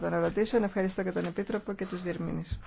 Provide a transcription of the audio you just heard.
των ερωτήσεων. Ευχαριστώ και τον Επίτροπο και τους διερμήνες.